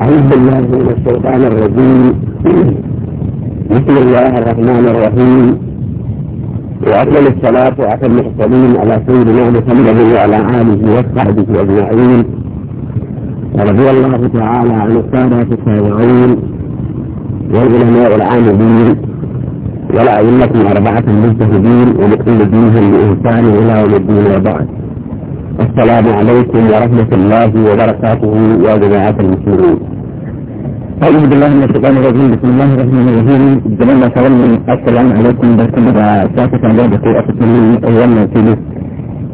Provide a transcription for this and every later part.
أعوذ بالله من الشيطان الرجيم بسم الله الرحمن الرحيم وأكمل الصلاة وأكمل التسليم على سيدنا محمد وعلى آله وصحبه أجمعين ورضي الله تعالى عن السادة التابعين والعلماء العاملين أئمة أربعة المجتهدين ومقيم دينهم لإنسان إلى يوم الدين وبعد السلام عليكم ورحمة الله وبركاته يا جماعة المسلمين أعوذ بالله من الشيطان الرجيم بسم الله الرحمن الرحيم جميعنا سلام السلام عليكم بركم بساسة الله بقوة أسلمين أولا وكيلي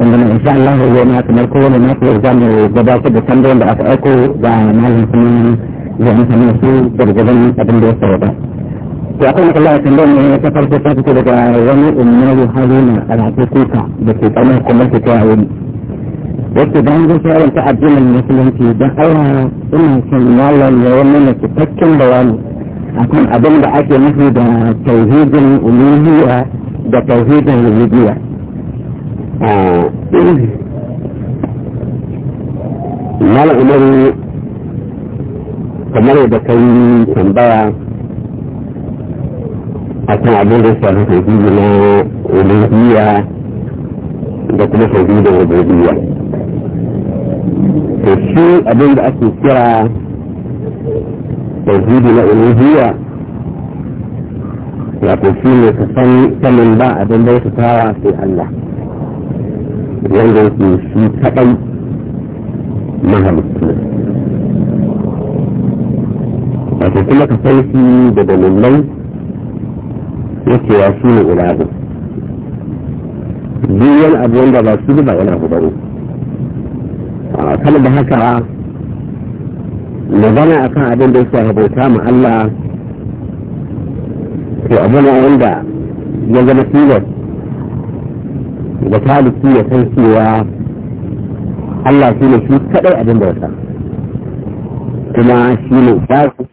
عندما إن شاء الله هو ما تملكه لما ترجم وضباط بسندو لأفعاكو وعمال المسلمين ومثل نسو برجبان أبن دو السرطة يقول الله تعالى إن سفرت فاتك لك ومن أمناه حالينا على تكوكا بسيطانه كلها تكاوين wasu don zai yaron ta addinin musulunci don aura ina son malam ya wani na cikakken bayani akan abin da ake nufi da tauhidin uluhiyya da tauhidin rububiyya ah, malam umaru kamar da kai tambaya kan abin da shafi tauhidi na uluhiyya da kuma tauhidin rububiyya to shi abin da ake kira tauhidi na uluhiyya ko shi ne ka san sanin ba abin da bautatawa sai Allah wanda yake shi kaɗai mahalicci wato kuma ka san shi da dalilai yake ya shi ne ulabu duk wani abu wanda ba shi ba yana hudaru da haka magana kan abin da yake rubuta ma Allah to abu ne wanda ya zama tilas da taliki ya san cewa Allah shi ne shi kadai abin bauta kuma shi ne ilahu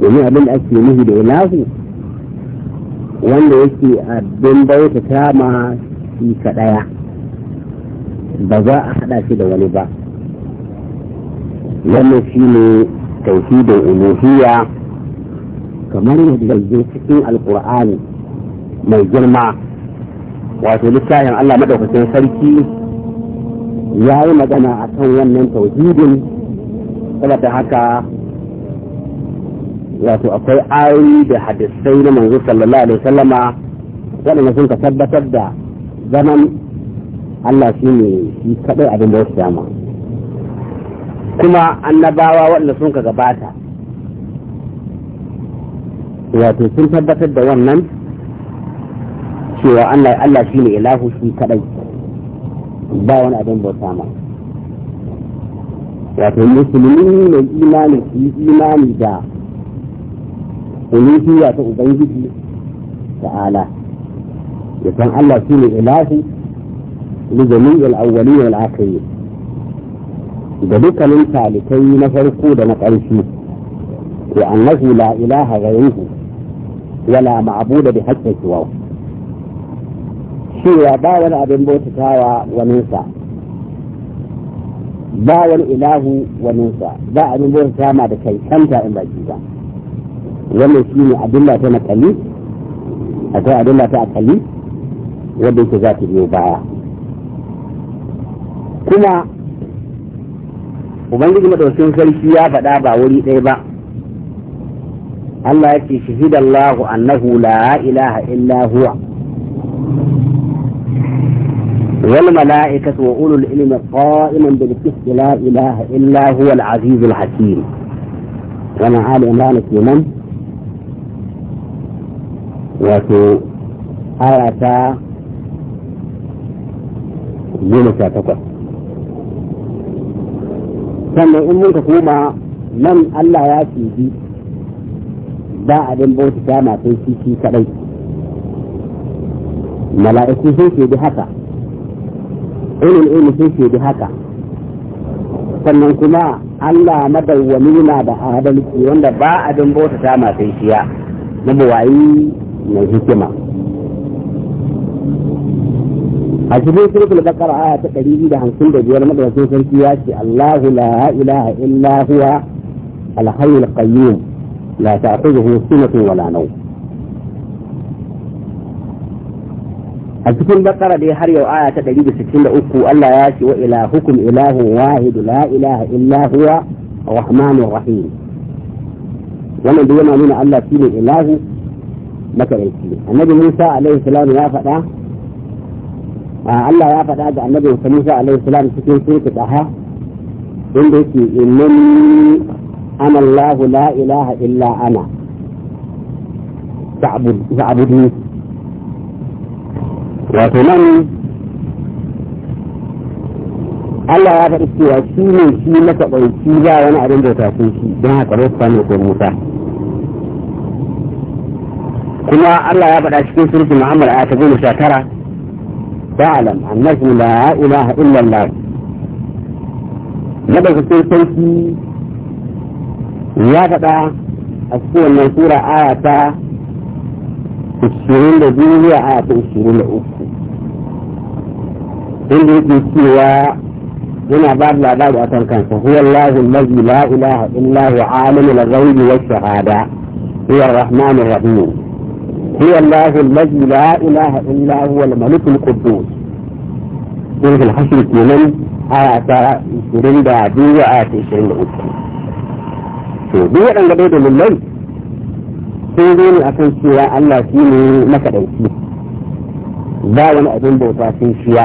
domin abin da ake nufi da ilahu wanda yake abin bauta ta ma shi kadaya ba za a haɗa shi da wani ba wannan shi ne tauhidin uluhiyya kamar yadda zai cikin alkur'ani mai girma wato littafin Allah madaukakin sarki ya yi magana a kan wannan tauhidin saboda haka wato akwai ayoyi da hadisai na manzo sallallahu alaihi wasallama waɗanda sun ka tabbatar da zaman Allah shi ne shi kaɗai abin da ya dama kuma annabawa waɗanda sun ka gabata wato sun tabbatar da wannan cewa Allah shi ne ilahu shi kaɗai ba wani abin bauta ma wato musulmi mai imani su yi imani da uluhiyya ta ubangiji ta'ala ya san Allah shi ne ilahu لجميع الأولين والآخرين اذا بك بذكر الثالثين نفر قود نقرشي وأنه لا إله غيره ولا معبود بحق سواه شو باول أبن بوت كاوى ونوسى باول إله ونوسى با أبن بوت كاوى بكي كمتا أم بجيزا ومن سيني أبن الله تنكلي أتوى أبن الله تأكلي ودن كذاتي يوبعا kuma ubangiji madaukakin sarki ya faɗa ba wuri ɗaya ba Allah ya ce shahidallahu annahu la ilaha illa huwa wal mala'ikatu wa ulul ilmi qa'iman bil qisti la ilaha illa huwa al aziz al hakim wannan ali imran kenan wato aya ta goma sha takwas sannan in mun ka koma nan Allah ya bi ba abin bauta ma sai shi shi kadai mala'iku sun ce bi haka ilil ilmi sun ce bi haka sannan kuma Allah madawwami na da adalci wanda ba abin bauta ma sai shiya na buwayi mai hikima a cikin suratul baqara aya ta 255 madaukakin sarki ya ce Allahu la ilaha illa huwa al-hayyul qayyum la ta'khudhuhu sinatun wala nawm a cikin baqara dai har yau aya ta 163 Allah ya ce wa ilahukum ilahun wahid la ilaha illa huwa rahmanur rahim wannan duk yana nuna Allah shine ilahu makaranci annabi Musa alaihi salam ya faɗa Allah ya faɗa ga annabi Musa alaihi salam cikin surku daha inda yake innani ana Allah la ilaha illa ana ta'budu wato nan Allah ya faɗi cewa shi ne shi matsaɓaici ba wani abin da ta shi don haka bai sami ko Musa kuma Allah ya faɗa cikin surku Muhammad a ta goma sha tara فاعلم أنه لا إله إلا الله مدى في سيكي يابدا أسكو من سورة آية الشرين لديه آية الشرين لأوكو inda yake cewa yana ba da labari akan kansa huwa Allahu allazi la ilaha illa huwa alimul ghaibi wash shahada huwa ar هو الله الذي لا إله إلا هو الملك القدوس سورة الحشر كمان آية عشرين دا عدو عشرين أخرى to duk waɗanda dai da sun zo ne akan cewa Allah shi ne makaɗauki ba wani abin bauta sun shiya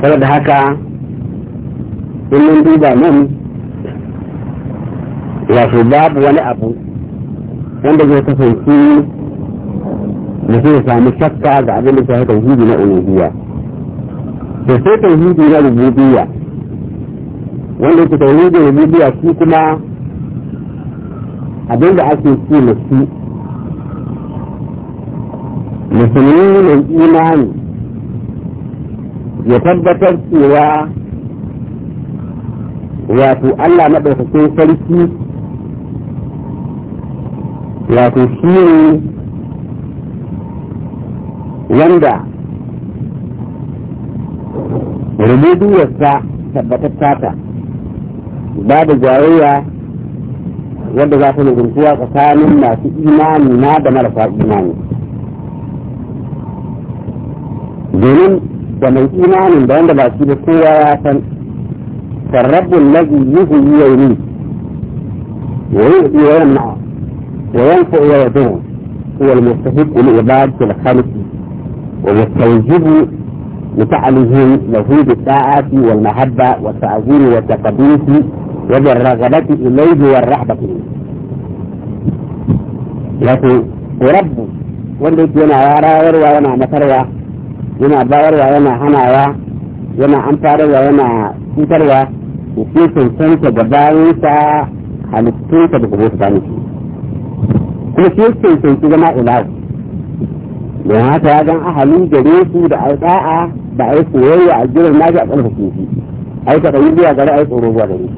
saboda haka in mun duba nan wasu babu wani abu wanda zai kasance mutum zai sami shakka ga abin da shafi tauhidi na uluhiyya da sai tauhidi na rububiyya wanda yake tauhidi rububiyya shi kuma abin da ake ce na shi musulmi mai imani ya tabbatar cewa wato Allah na maɗaukakin sarki wato shi ne wanda rumuduwarsa tabbatatta ta ba da jayayya wadda za ta nuguntuwa tsakanin masu imani na da marasa imani domin da mai imanin da wanda ba shi da kowa ya san sarrabin lazi yuhu yi ne wa yi wa yamma وينفع ويضر هو المستفيد من عبادة الخالق ومستوجب لفعلهم نفوذ الطاعة والمحبة والتعظيم والتقديس وبالرغبة إليه والرحبة إليه لكن رب ولد ينا يرى ويروى ينا مثروى ينا باور ينا حناوى ينا أمطار ينا كتروى يكون سنسى جبارنسى خلقتنسى بقبوس بانسى kuma shi yake sun su zama ilahu don haka ya gan ahalin gare su da alƙa'a da a yi soyayya a jiran naji a ƙarfa kifi a yi taɓa yi zuwa gare a yi tsoro zuwa gare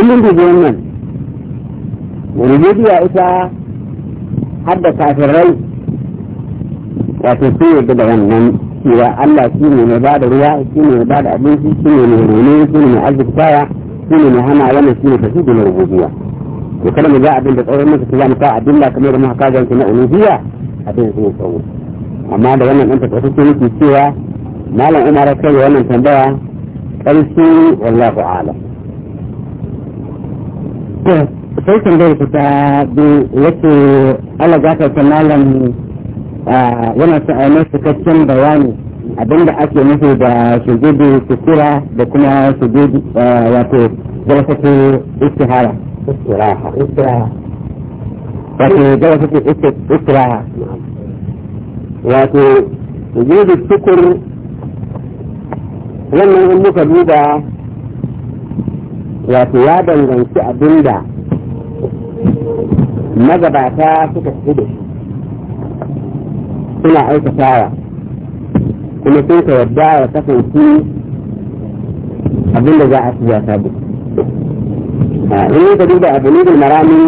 in mun dubi wannan rububiya ita har da kafirai wato sun yadda da wannan cewa Allah shi ne mai bada ruwa shi ne mai bada abinci shi ne mai rene shi ne mai arzikaya shi ne mai hana wannan shi ne tafi da rububiya ya kana mu ga abin da tsauran muka za mu sa adilla kamar da muka kaga na a abin su tsawo amma da wannan dan takaitacce nake cewa malam Umar ya kai wannan tambaya karshe wallahu a'lam sai da ku ta yake Allah gata ta malam wannan sai a mai cikakken bayani abinda ake nufi da shugudu sukura da kuma shugudu wato jalsatu istihara استراحة استراحة لكن جلسة wato wannan duba wato ya danganci abinda magabata suka fi da suna aikatawa kuma sun ka yadda ya kasance abinda za a siya sabu هنا تجد أبنيد المرامي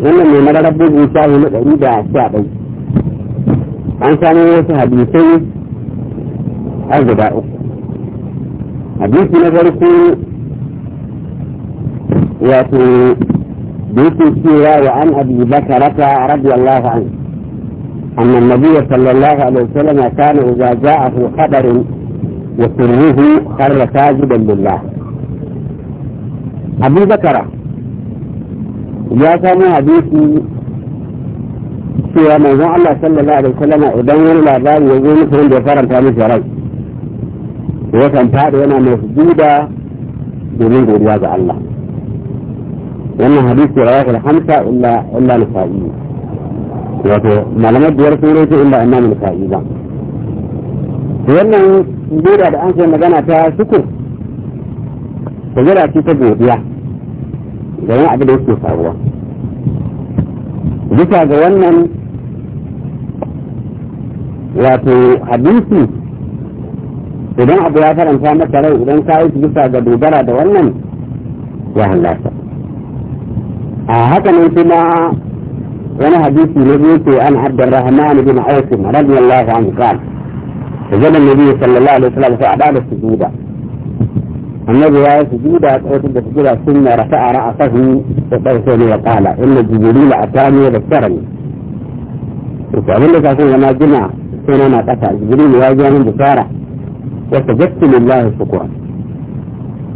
لما من مرة ربه بوشاه مدعيدة أشياء عن سامي يوسى حديثي أجداء حديث من ذلكم ياتي بيت الشيرة وعن أبي بكرة رضي الله عنه أن النبي صلى الله عليه وسلم كان إذا جاءه خبر يسره خر ساجدا لله abu zakara ya samu hadisi cewa manzon Allah sallallahu alaihi wasallam idan wani labari ya zo musu da ya faranta mishi ya kan fada yana mai sujuda domin godiya ga Allah wannan hadisi rawahu al-hamsa illa illa al-sa'i wato malamar biyar sun rawaito illa imam al-sa'i ba wannan goda da an sai magana ta shukur godiya ce ta godiya da yin abin da yake faruwa bisa ga wannan wato hadisi idan abu ya faranta maka rai idan ka yi bisa ga dogara da wannan ya hallasa a haka ne kuma wani hadisi na biyu ke an abdar rahman bin auf radiyallahu anhu qala nabi sallallahu alaihi wasallam عليه وسلم فأعداد السجود annabi ya yi sujuda tsawon da sujuda sun na rafa'a ra'asahu da ɗauke ne ya ƙala inda jibiru da atani da sarani to abin da kafin yana gina sai na ƙasa jibiru ya gina ji wani bukara wata jakti lillahi shukura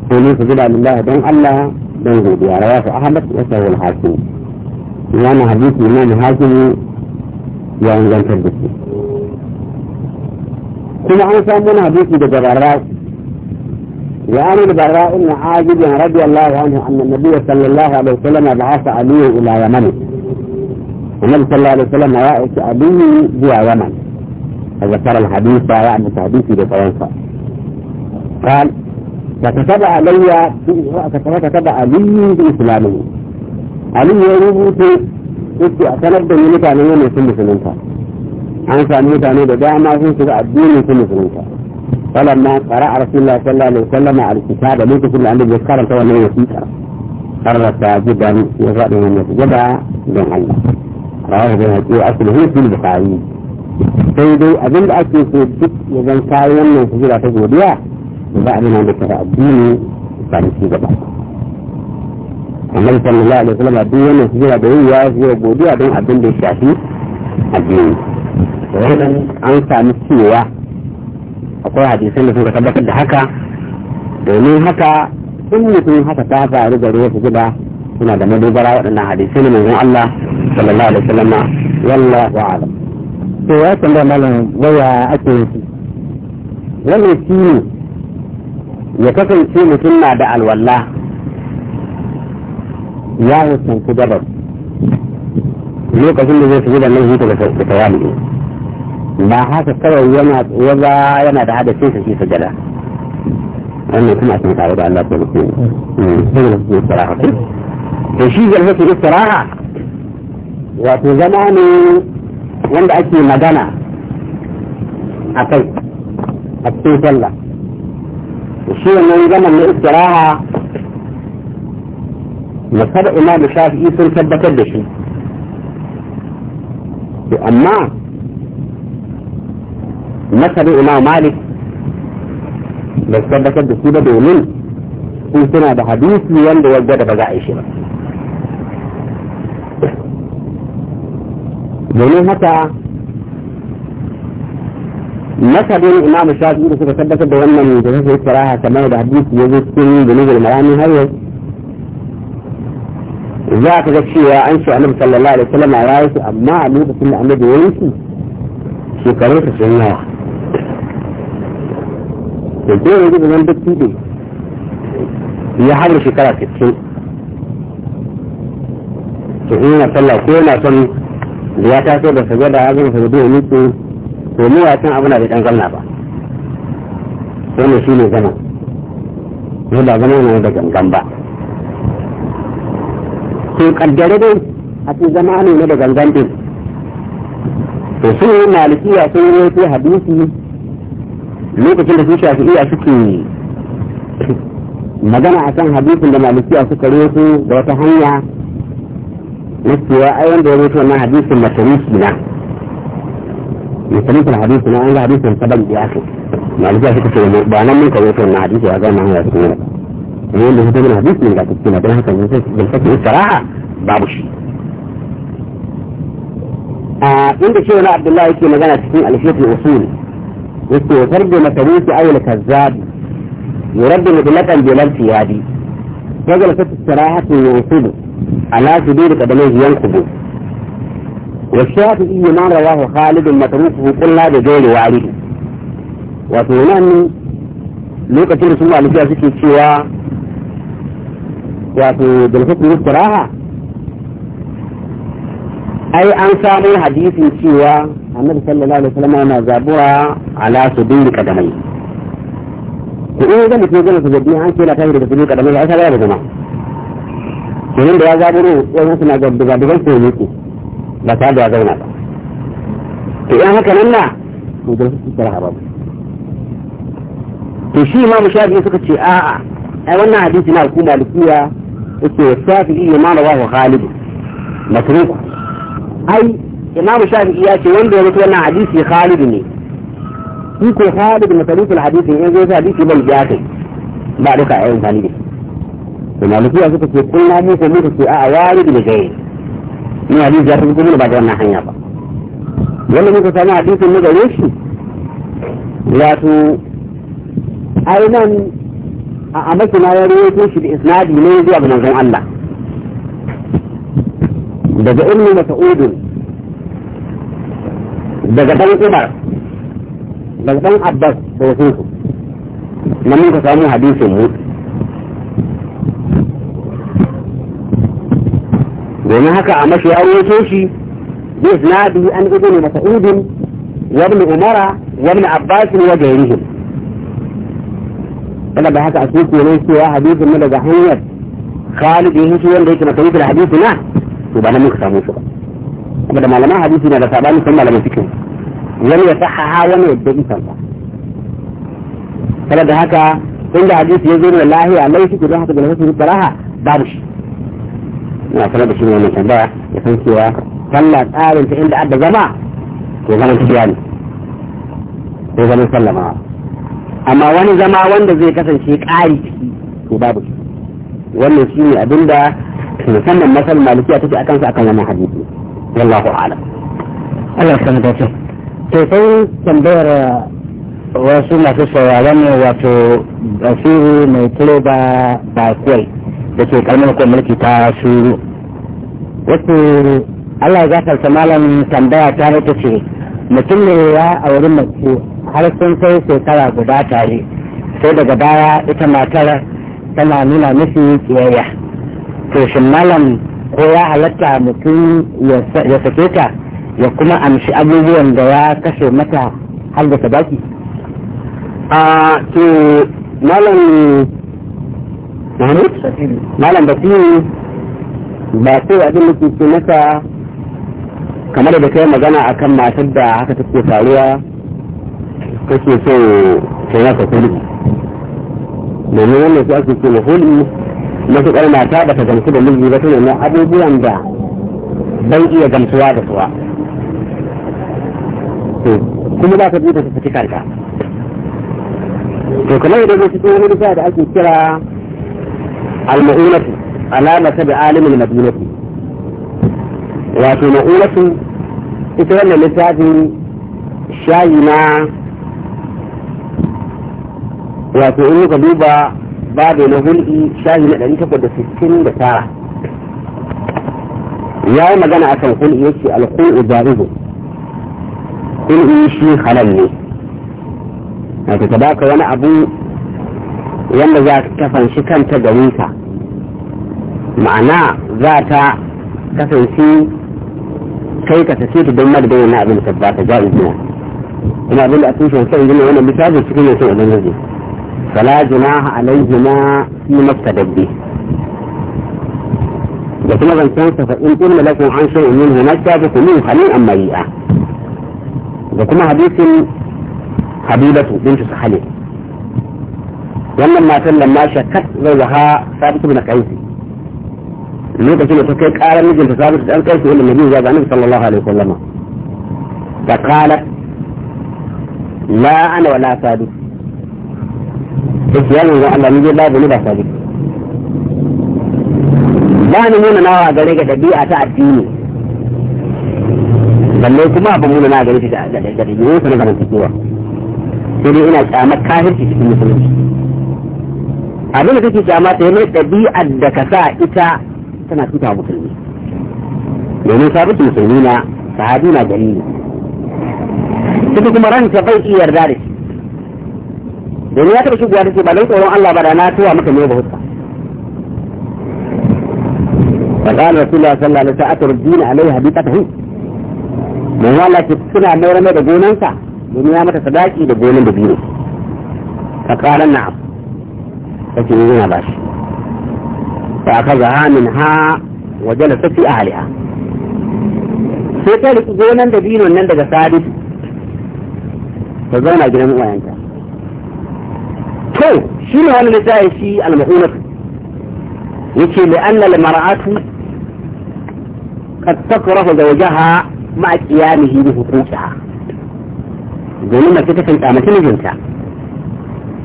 sai ne sujuda lillahi don Allah don godiya rawa su ahmad ya sahul hakim yana hadisi imam hakim ya ingantar da shi kuma an samu na hadisi daga barra وعن البراء بن عاجب رضي الله عنه أن النبي صلى الله عليه وسلم بعث علي إلى يمن النبي صلى الله عليه وسلم يأتي علي إلى يمن فذكر الحديث يعني تحديثي بفرنسا قال فكتب علي فكتب علي بإسلامه علي يروت yake a sanar da mutane ne sun musulunta an sami mutane da dama sun shiga فلما قرأ رسول الله صلى الله عليه وسلم على الكتاب ليس كل عند الذكر سوى من يسير قرر جدا يقرأ من يسجد دون الله رواه ابن أصله في البخاري sai dai abin da ake so duk ya zan kayi wannan hijira ta godiya da za a nuna da kara addini shi gaba annabi sallallahu alaihi wasallam duk wannan hijira da yayi ya hijira godiya don abin da ya shafi addini an sami cewa akwai hadisan da suka tabbatar da haka domin haka in mutum haka ta faru gare su guda suna da madubara waɗannan hadisai ne manzon Allah sallallahu alaihi wasallam wallahu a'lam to ya tambaya malam waya ake yi wannan shi ne ya kasance mutum na da alwala ya hukunta gabar lokacin da zai shiga da nan hita da tawali ما حاسس ترى وما وما وما بعد شيء في سجلة أنا كنا متعود على الله بالمسلمين هذا هو الصراحة فشيء جل في الصراحة وفي زمان عند أشي مدنا أكل أكل سلة الشيء من زمان الصراحة مصدر إمام الشافعي سنكبة كدشي أما مثل إمام مالك بس كده كده كده دولين كنتنا بحديث ليان دي وجد بقى عيشي بقى دولين حتى مثل إمام الشافعي بس كده كده دولين من جهاز الصراحة كما بحديث يجد كل بنيج المرامي هاي ذاك ذاك شيء أنشو أنا صلى الله عليه وسلم على رأيه أما أمي بس إن أمي دولين شكرا في الله da dole yanzu nan duk tudu ya har shekara 60 to ina talla ko yana son da ya taso da sagada ya zama sagado ya nutsu to mu ya san abin da bai dan zanna ba wannan shi ne zama ne ba zama ne da gangan ba to kaddare dai a cikin zama ne na da gangan din to su malikiya sun yi hadisi lokacin da su shafi iya suke magana a kan hadisin da malikiya suka rufu da wata hanya na cewa ai wanda ya rufu wannan hadisin matariki na matariki na hadisin na an ga hadisin saban biya su malikiya suka ce ba nan mun ka rufe wannan hadisi ya zama hanyar su ne ne wanda tabi na hadisin ga kake na don haka ne sai da kake sara'a babu shi a inda shi wani abdullahi yake magana cikin alfiyatul usul yake farko na kabisi ayyul kazzabi yuraddu mutlaqan bi lam fiyadi kaga ta sarahatu yusubu ala sudur qadamin kudu wa shafi'i man rawahu khalid matrukuhu qulna da gairi walid wato nan lokacin su malikiya suke cewa wato dalfatul saraha ai an samu hadisin cewa annabi sallallahu alaihi wasallam yana zabura ala su dinga kadamai to in ga mutum gana da gabi an ce na tafi da su dinga kadamai ai sai ya zama kenan inda ya zaburo wani suna ga daga daga ko ne ko ba ta da zauna ba to in haka nan na to da su tsara haba to shi ma mu shafi suka ce a'a ai wannan hadisi na hukuma likiya yake shafi'i ya ma rawahu khalid matruku ai imamu shafi'i ya ce wanda ya mutu wannan hadisi khalid ne shi ko khalid masalukul hadisi in zo hadisi bai ja kai ba duka ayyukan khalid to malikiya suka ce kullum mu ko muka ce a'a walid da gairi ni hadisi ya tafi kuma ba da wannan hanya ba wanda muka sami hadisin na gare shi wato ainihin a amaki na ya rawaito shi da isnadi ne zuwa ga manzon Allah daga ilmi masa'udin daga ɗan umar daga ɗan abbas da wasu su na muka samu hadisin mu domin haka a mashi an wato shi بإسناده أن ابن مسعود وابن عمر وابن عباس وغيرهم kada da haka a su ne cewa hadisin na daga hanyar Khalid yin shi wanda yake masarufin hadisi na to ba na muka samu shi ba kuma da malaman hadisi na da sabani sun malaman fikin wani ya sahaha wani ya bi kansa kada da haka inda hadisi ya zo da lahiya laifi ku don haka da nasu baraha babu shi na sanar shi wannan tambaya ya san cewa sallah tsarin ta inda adda zama to zaman tafiya ne ko zaman sallama amma wani zama wanda zai kasance ƙari ciki to babu shi wannan shi ne abinda musamman masal malikiya take akan sa akan wannan hadisi wallahu a'lam Allah sanar da shi to tambayar eh, wasu masu sauraron ne wato basiru mai kilo ba da ke kalmar mulki ta shuru wasu allah ya gafarta malam tambaya ta ta ce mutum ne ya auri mace har sun kai shekara guda tare sai daga baya ita matar tana nuna nufi kiyayya to shin malam ko ya halatta mutum ya sake ta ya kuma amshi abubuwan da ya kashe mata har da sadaki a to malam mahmud malam basiru ba sai abin da ke mata kamar da kai magana akan matar da haka ke faruwa kake so ta yaka hulmi domin wannan su ake ce na hulmi matuƙar mata ba ta gamsu da miji ba ta nemi abubuwan da bai iya gamsuwa da suwa kuma za ka duba su fita kanka to kamar idan zai cikin wani da ake kira al-mu'unatu alama ta da alimin madinatu wato mu'unatu ita wannan littafin shayi na wato in ka duba babu na hulɗi shayi na ɗari takwas da sittin da tara ya yi magana a akan hulɗi yake alkhul'u jarizu in shi halal ne wato ta baka wani abu wanda za ta kafanshi kanta garinka ma'ana za ta kasance kai ka tafi ta don madadin wani abin da ba ta ja'i biya ina abin da a tushen sai gina wani misali cikin yin sun ubangiji fala junaha alaihima fi mastadabbi da kuma zancen sa fa in kullu lakum an shay'in minhu nastabiqu min khalin amma yi'a da kuma hadisin habilatu bintu sahale wannan matan lamma shakkat zauzaha sabitu bin qaisi lokacin da ta kai karar mijinta sabitu dan qaisi wanda nabi ya ga annabi sallallahu alaihi wasallam ta qalat la ana wala sabitu sai yanzu Allah ne ba ni ba sabitu ba ni nuna nawa gare ga dabi'a ta addini balle kuma abin muna na gari shi ga dalilin su na zamantakewa sai dai ina kyamar kafirci cikin musulunci abin da kake kyama ta yi ɗabi'ar da ka sa ita tana cuta musulmi domin sabis musulmi na sahabi na dalili ita kuma ranta bai iya yarda da shi domin ya taɓa shigowa da ce ba don tsoron Allah ba da na tuwa maka ne ba hutsa فقال رسول الله صلى الله عليه وسلم أترجين عليها بقته mai wala ke suna naura mai da gonansa domin ya mata sadaki da gonan da biyu ta karan na ta ce yana ba shi ta ka zaha min ha waje da tafi a haliha sai ta riki gonan da biyu nan daga sadi ta zauna gidan uwayenta to shi ne wani littafi shi al-mahunatu yace li anna al-mar'atu قد تكره زوجها ma qiyamihi bi huquqiha domin mace ta kan mace mijinta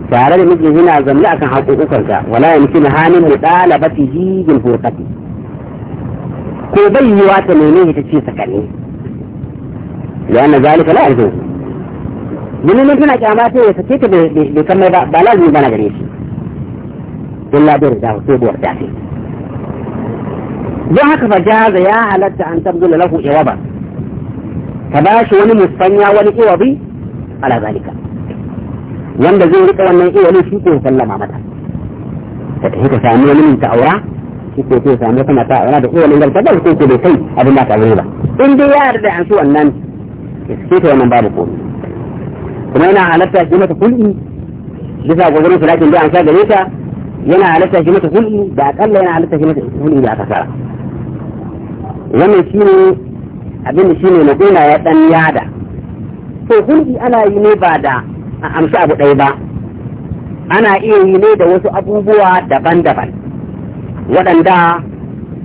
tare da miji yana zamne akan haƙoƙokarsa wala ya mutum hanin mu ɗalabati jibin furkati ko bai yi wata neme ta ce sakane da yana zalika la yanzu domin mun tana kyama sai ya sake ta bai kan mai ba lazimi bana gare shi illa bai rida ko buwar dafi don haka fa jaza ya halatta an tabdula lahu iwaban تباشي وني مستنيا وني إيوبي على ذلك وند زي ريكا وني إيوبي شكو سلم عمتا تتحيك سامي من تأورا شكو تو سامي كما تأورا دقوة من ذلك تبال كوكو بيسي أبنا تأغيبا إن دي يارد عن سوء النان إسكيت ومن باب كون كما هنا على التأجيمة كل إيه جزا وزرون سلاكين دي عن سادة ليسا ينا على التأجيمة كل إيه بأقل ينا على التأجيمة كل إيه بأقصارا ومن سينه abin da shine madina ya dan yada to hulɗi ana yi ne ba da a amsa abu ɗaya ba ana iya yi ne da wasu abubuwa daban-daban waɗanda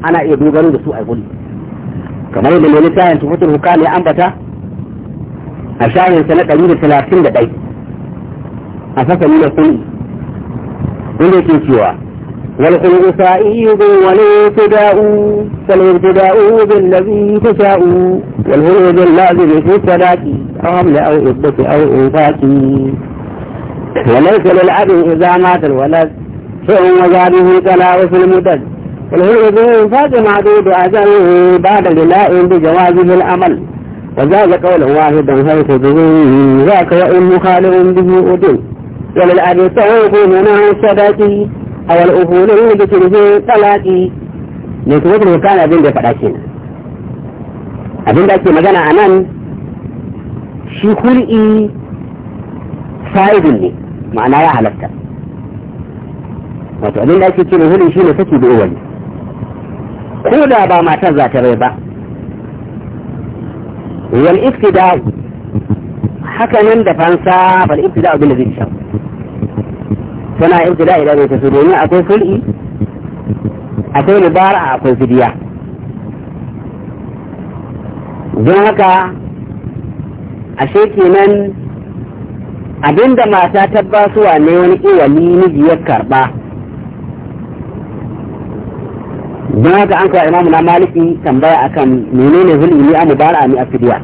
ana iya dogaro da su a hulɗi kamar yadda mai littafin tufatul hukami ya ambata a shayin sa na ɗari da talatin da ɗai a fasali da hulɗi inda ke cewa والخلق والابتداء فالابتداء بالذي تشاء والهروج اللازم في السلاك حمل أو إبة أو إنفاك وليس للعبد إذا مات الولد شيء وزاده تلاوث المدد والهروج إنفاك معدود اجل بعد للاء بجوازه الأمل وزاد قولا واحدا حيث به ذاك وإن مخالف به أدل وللأبي سوف من السداتي a wal ufulun da kirhe talaki ne kuma kuma kana abin da ya faɗa kenan abin da ake magana a nan shi hul'i faidun ne ma'ana ya halatta wato abin da ake cewa hul'i shi ne saki da uwali ko da ba matar za ta rai ba wal iftida haka nan da fansa bal iftida abin da zai shafa tana jila idan ta su domin akwai sul'i akwai libara akwai fidiya don haka ashe kenan abinda mata ta ne wani iwali miji ya karba don haka an kawai imamu na maliki tambaya akan menene hul'i ne a mubara'a ne a fidiya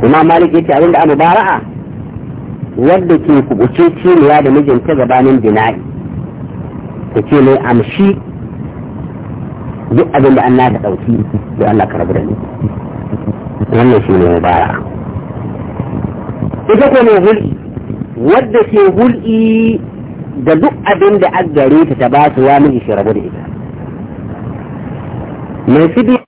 kuma maliki ya ce abinda a mubara'a wadda ke kubuce ciniya da mijinta gabanin bina'i ta ce mai amshi duk abin da Allah ta ɗauki da Allah ka rabu da ni wannan shi ne mubara ita ko mai hul'i wadda ke hul'i da duk abin da an ta ta ba su wa miji shi rabu da ita mai fidi